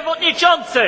przewodniczący!